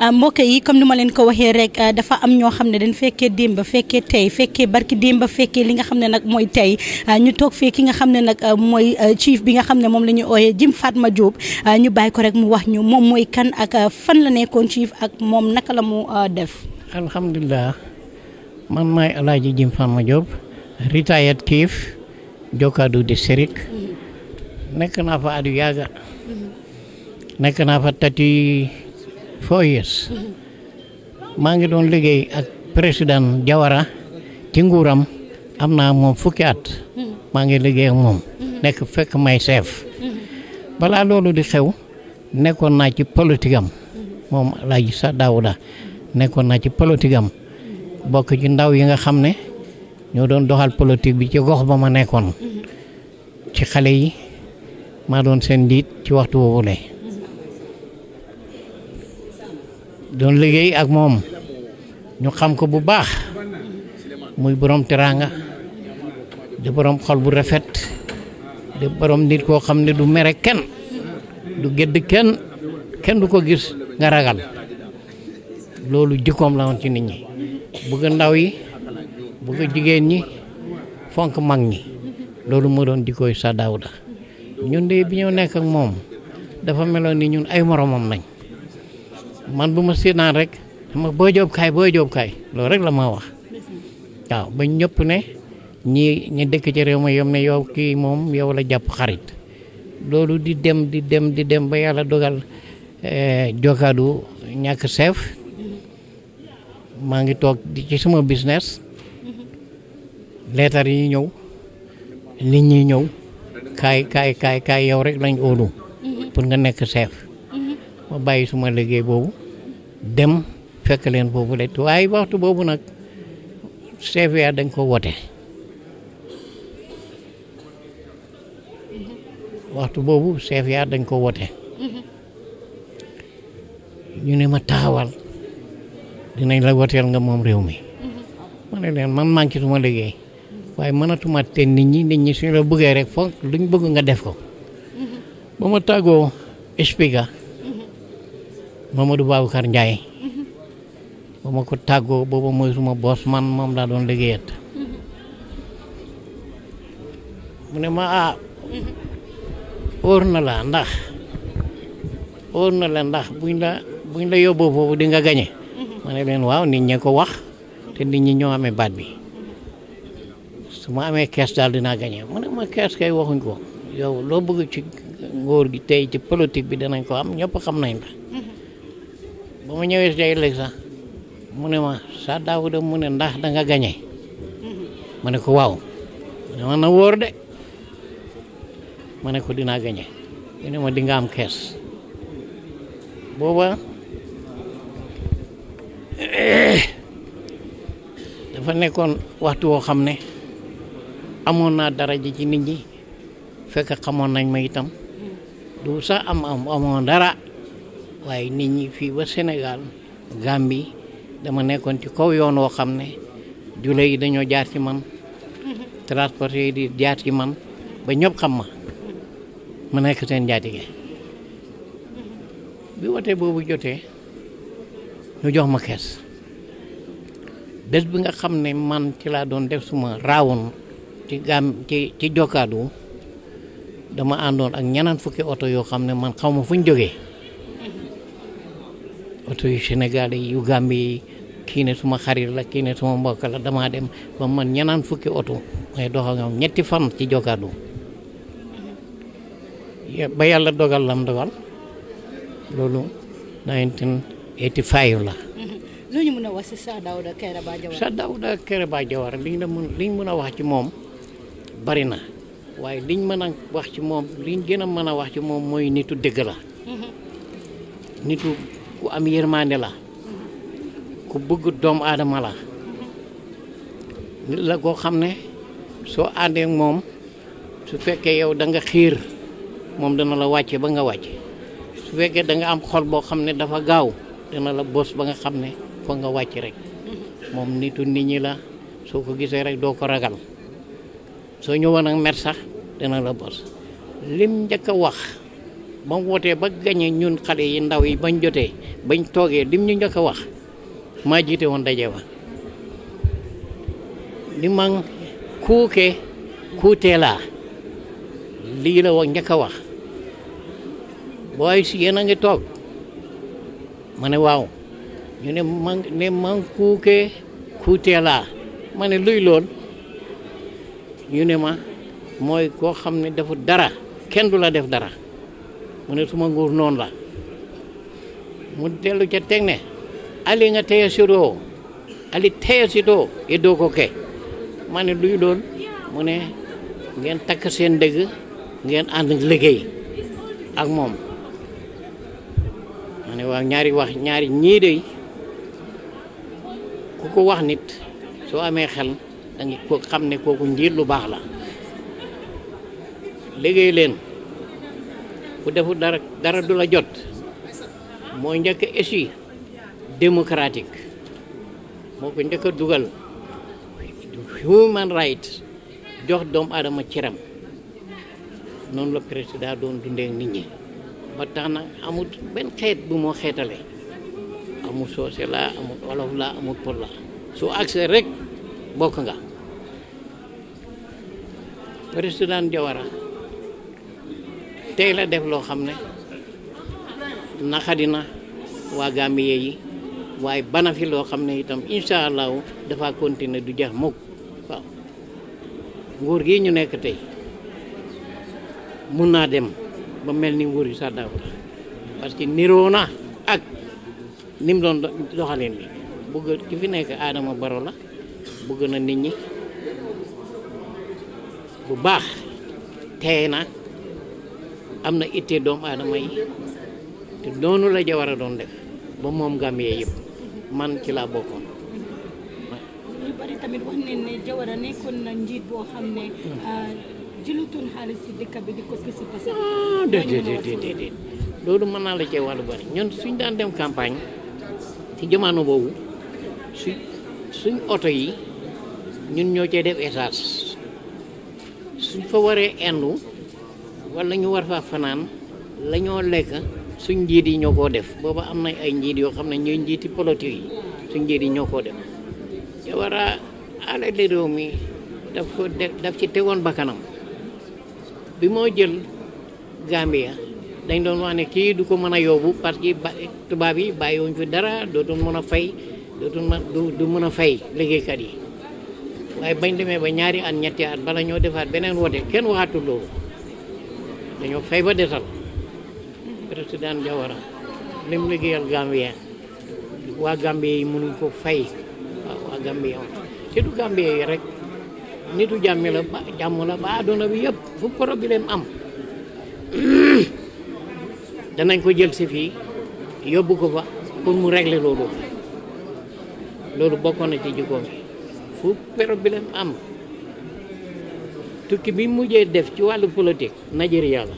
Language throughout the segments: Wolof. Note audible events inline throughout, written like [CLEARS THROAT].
Euh, mbokk yi comme ni ma leen ko waxee rek euh, dafa am ñoo xam ne dañ fekkee démb fekkee tey fekkee barki démb fekkee li nga xam ne nag mooy tey euh, ñu toog fee ki nga xam ne nag mooy chief bi nga xam ne moom la ñu ooyee Jim Fatma Diop ñu bàyyi ko rek mu wax ñu moom mooy kan ak fan la nekkoon chief ak moom naka la mu def. alhamdulilah man maay Alaaji Jim Fatma Diop retired chief Jokaadu mm-hmm. nekk naa fa at yu nekk naa fa tati four years maa ngi doon liggéey ak président Jawara ci nguuram am naa moom fukki at maa ngi liggéey ak moom nekk fekk may chef balaa loolu di xew nekkoon naa ci politique am moom Alaaji Sa Daawuda nekkoon naa ci politique bokk ci ndaw yi nga xam ne ñoo doon doxal politique bi ci gox ba ma nekkoon ci xale yi maa doon seen njiit ci waxtu woowule doon liggéey ak moom ñu xam ko bu baax muy borom teraanga di borom xol bu rafet di borom nit koo xam ne du mere kenn du gëdd kenn kenn du ko gis nga ragal loolu jikkoom la woon ci nit ñi bëgg ndaw yi bëgg jigéen ñi fonk mag ñi loolu moo doon jikkooy sa Daawda ñun de bi ñoo nekk ak moom dafa meloon ni ñun ay moromam lañ man bu ma si naan rek dama boo joob kaay boo joob kaay loolu rek la ma wax waaw ba ñëpp ne ñi ñi dëkk ci réew ne yow kii moom yow la jàpp xarit loolu di dem di dem di dem ba yàlla dogal eh, jokaadu ñàkk chef maa ngi toog di ci sama business leetar yi ñëw nit ñi ñëw kaay kaay kaay kaay yow rek lañ óolu mm-hmm. pour nga nekk chef ma bàyyi suma liggéey boobu dem fekk leen boobu de waaye waxtu boobu nag CVA dañ koo wote waxtu boobu CVA dañ koo wote ñu ne ma taxawal dinañ la woteel nga moom réew mi ma ne leen man suma liggéey waaye mënatuma te nit ñi nit ñi suñu la bëggee rek foog luñ bëgg nga def ko ba ma tàggoo expliquer Mamadou Babacar Ndiaye mm-hmm. ba ma ko tàggoo booba mooy suma boos man moom laa doon liggéeyat mm-hmm. mu ne ma ah mm-hmm. óor na la ndax óor na la ndax buñ la buñ la yóbboo foofu di nga gañe ma ne leen waaw nit ñi ko wax te nit ñi ñoo amee baat bi su ma amee kees daal dinaa gañe mu ne ma kees kay waxuñ ko yow loo bëgg ci ngóor gi tey ci politique bi danañ ko am ñëpp xam nañ la ba wis ñëwee si day sax mu ma sa ah. mana mu ne ndax da nga gañe ma ko ma na de mune ko dinaa gañe ma di nga am kees booba [COUGHS] dafa nekkoon waxtu woo xam ne amoon naa dara ji ci nit ñi fekk xamoon nañ ma itam du sax am am amoon dara waaye nit ñi fii ba Sénégal Gambie dama nekkoon ci kaw yoon woo xam ne jula yi dañoo jaar ci man transport yi di jaar ci man ba ñëpp xam ma ma nekk seen njaatige bi wote boobu jotee ñu jox ma kees bés bi nga xam ne man ci laa doon def suma raawoon ci gam ci ci jokkaadu dama àndoon ak ñanaan fukki oto yoo xam ne man xaw ma fu ñu jógee yu Senegal yu gambi ki ne suma xarit la ki ne suma mbokk la dama dem ba man ñanaan fukki auto may doxal ñoom ñetti fan ci jokaadu ya, ba yàlla dogal lam dogal loolu 1985 la [LAUGHS] luñu ñu mën a wax si Sir ba jawar sa Sir Dawda ba jawar liñ la mën liñ mën a wax ci moom bari na waaye liñ mën a wax ci moom liñ gën a mën a wax ci moom mooy nitu dëgg la [LAUGHS] nitu ku am yermane la ku bëgg doom aadama la nit la go xamne so ande àndee moom su fekke yow da nga xir mom dana la wacce ba nga wacce su fekke da nga am xol bo xamne dafa gaaw dana la bos ba nga xamne fa nga wacce rek mom nitu nit ñi la So ko gisee rek do ko ragal ñu ñëwoon ak mer sax dana la bos lim njëkk wax ba mu wootee ba gañe ñun xale yi ndaw yi bañ jotee bañ toogee lim ñu njëkk a wax maa jiite woon daje ba li ma kuuke kuutee laa lii la wax njëkk a wax booy si yéen a ngi toog ma ne waaw ñu ne man ne man kuuke kuutee laa ma ne luy lool ñu ne ma mooy koo xam ne defu dara kenn du la def dara mu ne suma nguur noonu la mu dellu ca teg ne ali nga teye sudoo ali teye sudoo e ko ke ma luy doon mu ne ngeen takk seen dëgg ngeen ànd liggéey ak moom mane ne waaw ñaari wax ñaari ñii ku ko wax nit soo amee xel da nga ko xam ne kooku njiit lu baax la liggéey leen ku defu dara dara dula jot mo ñëk ESI démocratique mo ko ñëk dugal human right jox doomu ci ram non la président doon dundé nit ñi ba tax na ben xéet bu mo xétalé amu sosé la amu wolof la amu pour la su accès rek bokk nga président Jawara tey la def lo xamne ne naxadina waa Gambie yi waye bana fi loo xam itam inshallah dafa continuer du jeex mok wa ngor gi ñu nek tay dem ba melni ni yu yi parce que niroo na ak nim mu doon doxalin ni bëgg ci fi nek Adama Baro bëgg na nit ñi bu baax teena am na ittee doomu aadama yi te noonu la Jawara doon def ba moom Gambie yëpp man ci laa bokkoon. lu bari tamit wax nañ ne Jawara nekkoon na njiit boo xam ne. Hmm. Ah, jëlutoon xaalis ci dëkk bi di ko pisi pisi. Ah, déedéet déedéet loolu mën naa la cee wàllu bari ñun suñ daan dem campagne ci jamono boobu suñ suñ oto yi ñun ñoo cee def essence suñ fa waree endu. wala ñu war faa fanaan lañoo ñoo lekk suñ njiit yi ñoo koo def booba am na ay njiit yoo xam ne ñu njiiti politique yi suñ njiit yi ñoo koo def jawara alali réew mi daf ko daf ci tegoon bakkanam bi moo jël Gambia dañ doon wax ne kii du ko mën a yóbbu parce que tubaab yi bàyyiwuñ fi dara dootul mën a fay dootul mën du mën a fay liggéeykat yi waaye bañ demee ba ñaari at ñetti at bala ñoo defaat beneen wote kenn waxatul dañoo fay ba desal président Jawara lim liggéeyal Gambien waa Gambien yi mënuñ ko fay waaw waa Gambien te du Gambien yi rek nitu jàmmi la ba ba adduna bi yëpp fu problème am [CLEARS THROAT] danañ ko jël si fii yóbbu ko fa pour mu régler loolu loolu bokkoon na ci jikkoom fu problème am. tukki bi mujjee def ci wàllu politique Nigeria la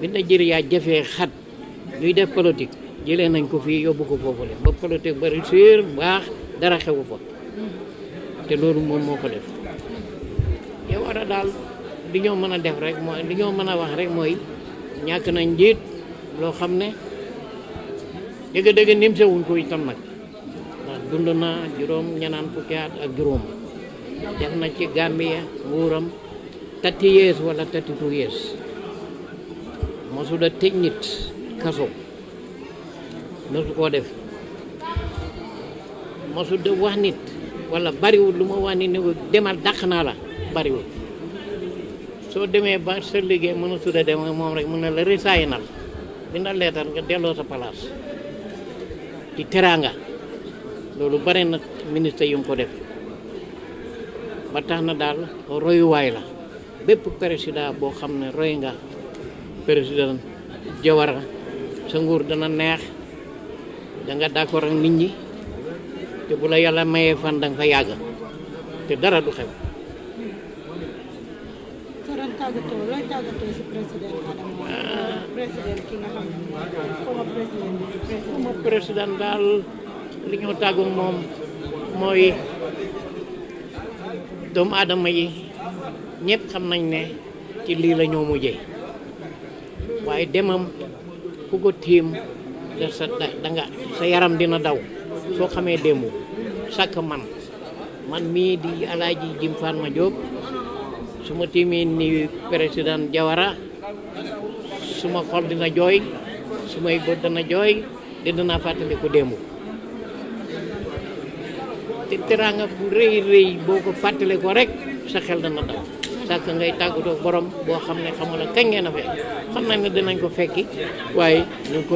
bi Nigeria jafee xat ñuy def politique jëlee nañ ko fii yóbbu ko foofu le ba politique bari réussir baax dara xewu fa te loolu moom moo ko def yow ara dal daal li ñoo mën def rek mooy li ñoo mën a wax rek mooy ñàkk na njiit loo xam ne dëgg-dëgg nim sewuñ ko itam nag ndax dund naa juróom ñanaan fukki at ak juróom yang nanti gamia buram 30 years wala 32 two years mosula tëj nit kaso mosu koo def mosu de wax wala baru lu wanit wax nit ne demal dàq naa la bariwul soo demee ba sa liggéey mën a suda dem moom rek mën na la resaayinal bindal leetar nga sa place ci def ba tax na daal royuwaay la bépp président boo xam ne roy nga président Jawara sa nguur dana neex da nga d'accord ak nit ñi te bu la yàlla mayee fan da nga fa yàgg te dara du xew. président daal li ñoo tàggu moom mooy. doomu aadama yi ñépp xam nañ ne ci lii la ñoo mujjee waaye demam ku ko tiim sa danga sa yaram dina daw soo xamee démb sàkk man man mii di alaaji Jim Fatma Diop su ma tiimee ni président Jawara su ma xol dina jooy su may bët dana jooy di dinaa fàttaliku démb te teraanga bu rëy rëy boo ko fàttale ko rek sa xel dana dal sàkk ngay tàggatoo borom boo xam ne xamula kañ ngeen a fekk xam naa ne dinañ ko fekki waaye ñu ko